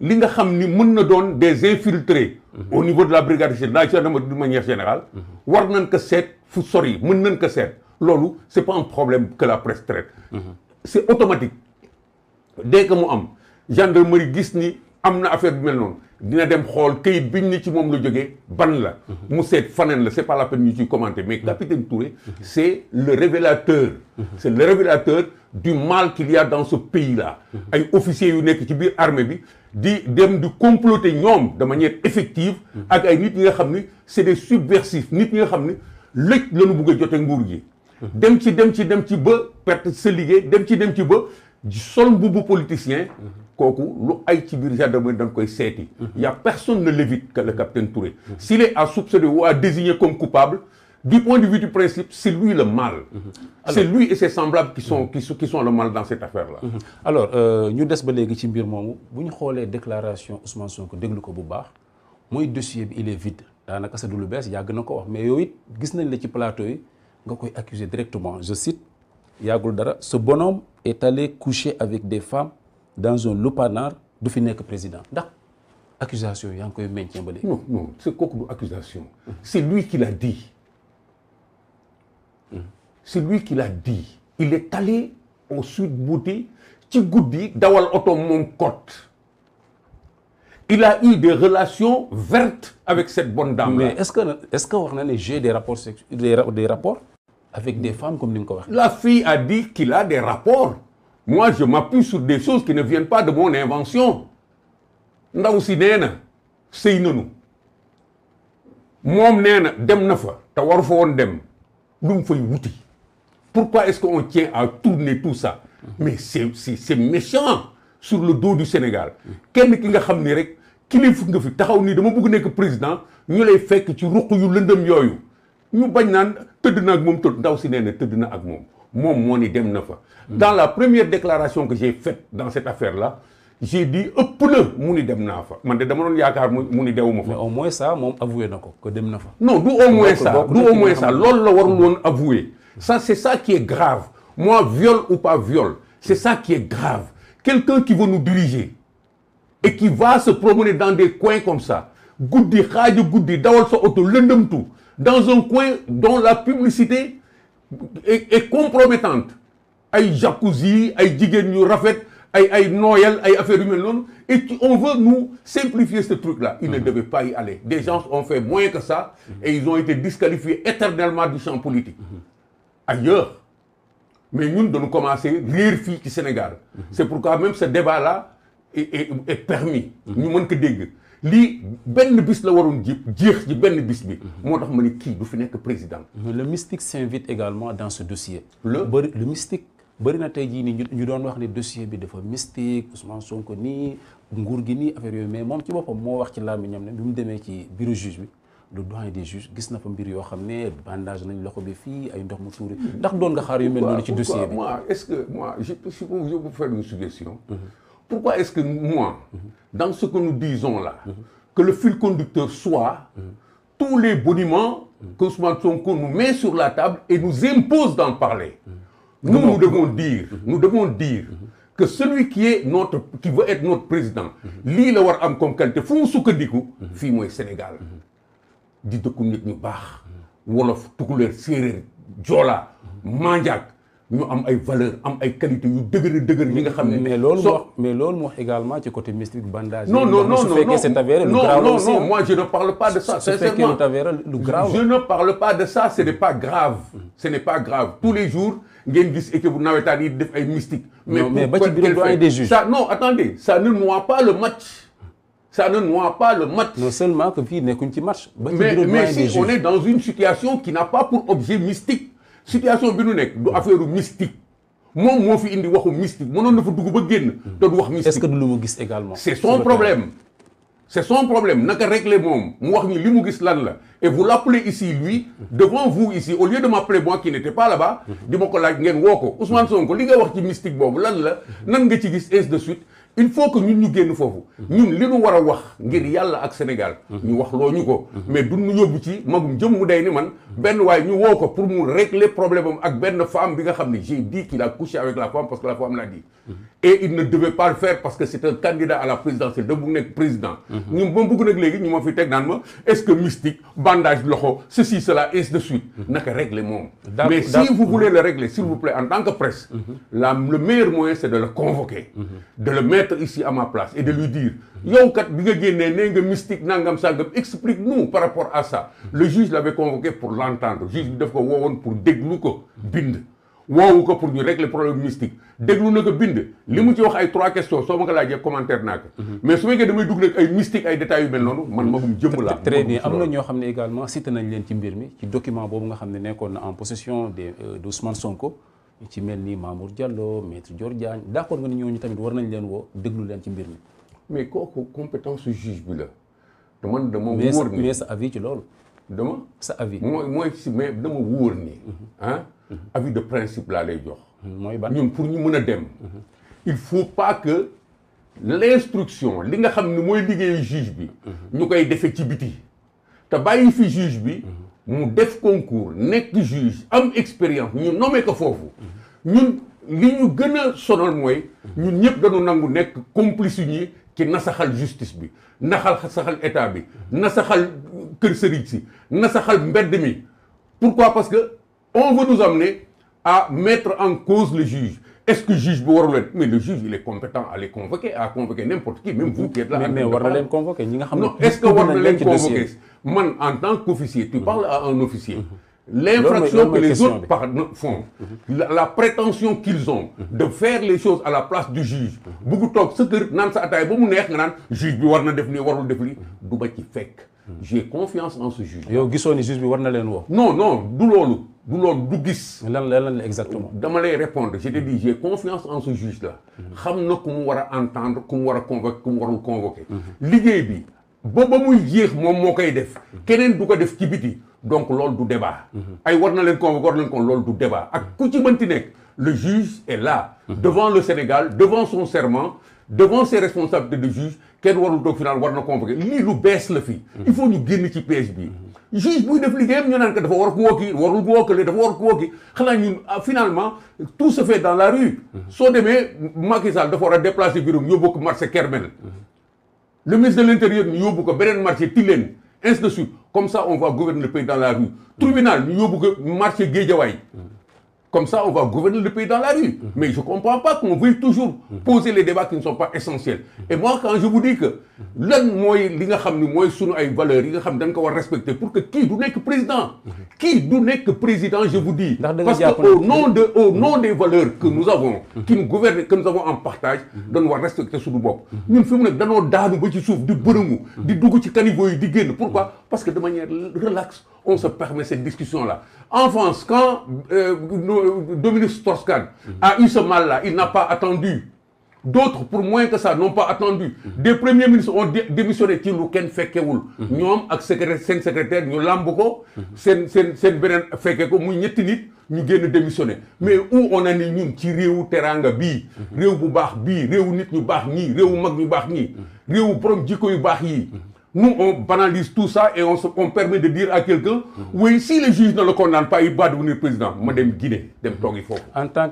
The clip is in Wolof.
li nga xam ni mën na doon des infiltrés mhm. au niveau de la brigade gendarmerie de manière générale mhm. war nañ ko seet fu sori mën nañ ko seet loolu c'est pas un problème que la presse traite mhm. c'est automatique dès que mu am gendarmerie gis ni am na affaire bi mel noonu dina dem xool kayit biñ ni ci moom la jógee ban la mu seet faneen la c'est pas la peine ñu ciy commenter mais capitaine Touré c'est le révélateur c'est le révélateur du mal qu'il y a dans ce pays yu nekk ci biir armée bi di dem di comploter ñoom de manière effective ak ay nit ñi nga xam ni c'est des subversifs nit ñi nga xam ni lëj lañu bëgg a jote nguur gi dem ci dem ci dem ci ba perte sa liggéey dem ci dem ci bë sol mbubu politicien kooku lu ay ci biir gendarmerie dañ koy seeti y personne ne l'évite que le capitaine Touré s'il est à soupçonner ou à désigner comme coupable Du point de vue du principe, c'est lui le mal. Mhm. C'est lui et ses semblables qui sont, mhm. qui, mal dans cette affaire-là. Mhm. Alors, euh, ñu des ba léegi ci mbir moomu bu ñu xoolee déclaration Ousmane ko déglu ko bu baax mooy dossier bi il est vide daanaka sa du lu bees yàgg na ko wax mais yow it gis nañ la ci plateau yi nga koy accuser directement je cite yàggul dara ce bonhomme est allé coucher avec des femmes dans un lupanar du fi nekk président ndax accusation yaa ngi koy maintien ba léegi. non non c'est kooku c'est lui qui l'a di il est allé au sud buuti ci guddi dawal oto moom côte il a eu des relations vertes avec cette bonne dame mais est-ce que est-ce que wax na ne j'ai des rapports sexuels des rapports avec des femmes comme ni mu ko waxee la fille a dit qu'il a des rapports moi je m'appuie sur des choses qui ne viennent pas de mon invention ndaw si nee na sëy nanu moom nee dem na fa te waru fa dem lu mu fay wuti pourquoi est-ce qu'on tient à tourner tout ça mais c'est c'est c'est méchant sur le dos du Sénégal kenn ki nga xam ni rek kilifa nga fi taxaw nii dama bëgg nekk président ñu lay fekk ci ruq yu lëndëm yooyu ñu bañ naan tëdd na ak moom tëdd ndaw si nee na tëdd na ak moom moom moo ni dem na fa dans la première déclaration que j'ai faite dans cette affaire là j'ai dit ëpp na mu ni dem naa fa man de dama doon yaakaar mu ni dewuma fa. mais au moins ça moom avoué na ko que dem na fa. non du au moins du au moins ça loolu la waroon mm. woon avoué. ça c'est ça qui est grave moi viol ou pas viol c'est mm. ça qui est grave quelqu'un qui veut nous diriger et qui va se promener dans des coins comme ça guddi xaaju guddi dawal sa oto lëndëmtu dans un coin dont la publicité est, est compromettante ay jacuzzi ay jigéen ñu rafet. ay ay nooyal ay affaires humaines noonu et on veut nous simplifier ce truc là il ne mhm. devait pas y aller des gens ont fait moins que ça mhm. et ils ont été disqualifiés éternellement du champ politique mhm. ailleurs mais ñun dañu commencer réer fii ci Sénégal c'est pourquoi même ce débat là est est, est permis ñu mën ko dégg lii benn bis la waroon ji jeex ci benn bis bi. moo tax ma ne kii du fi nekk président. le mystique s'invite également dans ce dossier. le le mystique bari na tey jii nii ñu doon wax ne dossier bi dafa mystique Ousmane Sonko nii nguur gi nii affaire yooyu mais moom ci boppam moo wax ci laam bi ñoom ne bi mu demee ci bureau juge bi le doyen des juges gis na fa mbir yoo xam ne bandage nañ loxo bi fii ay ndox mu tuuri ndax doon nga xaar yu mel noonu ci dossier bi que moi je peux je peux faire mm-hmm. pourquoi est-ce que moi mm-hmm. dans ce que nous disons là mm-hmm. que le fil conducteur soit tous les boniments que Ousmane Sonko nous met sur la table et nous impose d'en Nous, nous devons dire, demoon devons dire que celui qui est notre, qui président, lii la war am comme qualité fu mu sukkandiku. fii mooy Sénégal. di dëkku nit ñu baax. wolof tukulóor séeréer joola manjaak ñu am ay valeur am ay qualité yu dëgër dëgër yi nga xam ne. mais loolu mais loolu moo également ci côté mystique bandage. non non non je ne parle pas de ça. sincèrement n'est pas grave. tous les jours ngeen gis équipe bu nawetaan yi def ay mystique. mais mais ba ci biir des juges ça attendez fii nekkuñ ci match. ba ci biir doyen des situation qui n'a pas pour objet mystique. situation bi nu nekk du affaire mystique moom moo fi indi waxu mystique mënoon na fa dugg ba génn te du wax mystique est-ce gis également c'est son problème c'est son problème naka régler moom mu wax ñu li mu gis lan la et vous l'appelez ici lui devant vous ici au lieu de m'appeler moi qui n'étais pas là di ma ko laaj ngeen woo ko Ousmane Sonko li nga wax ci mystique boobu lan la nan nga ci gis ainsi de suite il faut que ñun ñu génn foofu li ñu war a wax ngir yàlla ak Sénégal ñu wax loo ñu ko mais duñu yóbbu ci magum jëm mu day ni man benn waaye ñu woo ko pour mu régler problème am ak benn femme bi nga xam ne j'ai dit qu'il a couché avec la femme parce que la femme l'a dit et il ne devait pas le faire parce que c'est un candidat à la présidentielle da bugg nekk président ñu ma bugg nag léegi ñu ma fi teg naan ma est-ce que mystique bandage loxo ceci cela ainsi de suite naka régler moom mhm. en tant que presse la le meilleur l'être ici à ma place et de lui dire yow kat bi nga génnee nee nga mystique nangam sangam explique nous par rapport à ça le juge l'avait convoqué pour l'entendre juge bi daf ko woowoon pour déglu ko bind woowu ko pour ñu régler problème mystique déglu na ko bind li mu ci wax ay trois questions soo ma ko laajee commentaire naa ko mhm. mais su fekkee damay dugg nag ay mystique ay détails noonu man magum jëmm laa très bien am na ñoo xam ne également cité nañ leen ci mbir mi ci document boobu nga xam ne nekkoon na en possession de euh, d'Ousmane Sonko ñu ci mel nii Mamour Diallo maître Dior Diagne d' accord nga ni ñooñu tamit war nañ leen woo déglu leen ci mbir mi. mais kooku compétence juge bi la. dama dama wóor ni mais sa avis ci loolu. dama sa avis mooy mooy si mais dama wóor ni. ah avis de principe laa lay jox. mooy ban ñun pour ñu mën a dem. Mhm. il faut pas que l' instruction li nga xam ne mooy liggéey juge bi. ñu koy defee ci biti. te bàyyi fi juge bi. mu def concours nekk juge am expérience ñu nommé ko foofu ñun li ñu gën a sonal mooy ñun ñëpp dañu nangu nekk complice yu ñi ci nasaxal justice bi nasaxal saxal état bi na kër sëriñ si nasaxal mbedd mi pourquoi parce que on veut nous amener à mettre en cause le juge est-ce que juge bi warul mais le juge il est compétent à les convoquer à convoquer n'importe qui même vous qui êtes là mais war ñi nga xam ne est-ce que war na leen man en tant qu'officier tu parles à un officier mhm. l'infraction que les par font mhm. la prétention qu'ils ont mhm. de faire les choses à la place du juge bugg toog sa kër naan sa ataay ba mu neex nga naan juge bi war na def ni warul def lii du ba ci fekk j'ai confiance en ce juge yow gisoo ni juge bi war na leen woo non non du loolu du loolu gis lan lan la exactement dama lay répondre je te dis j'ai confiance en ce juge là xam na ku mu war a entendre ku mu war a convoquer ku mu warul convoquer liggéey bi ba ba muy yéex moom moo koy def keneen du ko def ci biti donc loolu du debaa mhm. ay war na leen convoquer war na leen kon loolu du débat ak ku ci mënti nekk le juge est là mhm. devant le Sénégal devant son serment devant ses responsabilités de juge kenn warul doo final war na convoquer lii lu bees la fi mhm. il faut ñu génn ci piège bi juge buy def liggéeyam ñu naan ko dafa war ku wokki warul ku wokkale dafa war ku wokki xanaa ñun ah, finalement tout se fait dans la rue soo demee Macky Sall dafa war a déplacer bureau yóbbu ko le ministre de l'intérieur ñu yóbbu ko beneen marché Tilène ainsi comme ça on va gouverner le pays dans la rue tribunal ñu yóbbu ko marché Guédiawaye Comme ça, on va gouverner le pays dans la rue. Mm-hmm. Mais je comprends pas qu'on veuille toujours mm-hmm. poser les débats qui ne sont pas essentiels. Et moi, quand je vous dis que mm-hmm. l'un moy li nga ni moy sunu ay valeurs yi nga xam dañ ko war respecter pour que qui du nek président qui du nek président je vous dis parce que au nom de au nom des valeurs que nous avons qui nous gouvernent que nous avons en partage dañ war respecter sunu bop ñun fi mu nek ba ci suuf di bërëngu di dugg ci caniveau yi di génn pourquoi parce que de manière on sa permet cette discussion la En France, quand euh, Dominique Strauss-Kahn mmh. a eu ce mal-là, il n'a pas attendu. D'autres, pour moins que ça, n'ont pas attendu. Mmh. Des premiers ministres ont dé démissionné qui nous ken fekewul. Nous ak sen secrétaire nous lamboko sen sen sen benen ko muy ñetti nit ñu génn démissionné. Mais où on en est ñun ci réewu teranga bi, réew bu baax bii réew nit ñu baax ñii réew mag ñu baax ñi, réew borom jikko yu baax yii Nous, on banalise tout ça et on, se, on permet de dire à quelqu'un, oui, si le juge ne le condamne pas, il va devenir président. Madame Guinée, En tant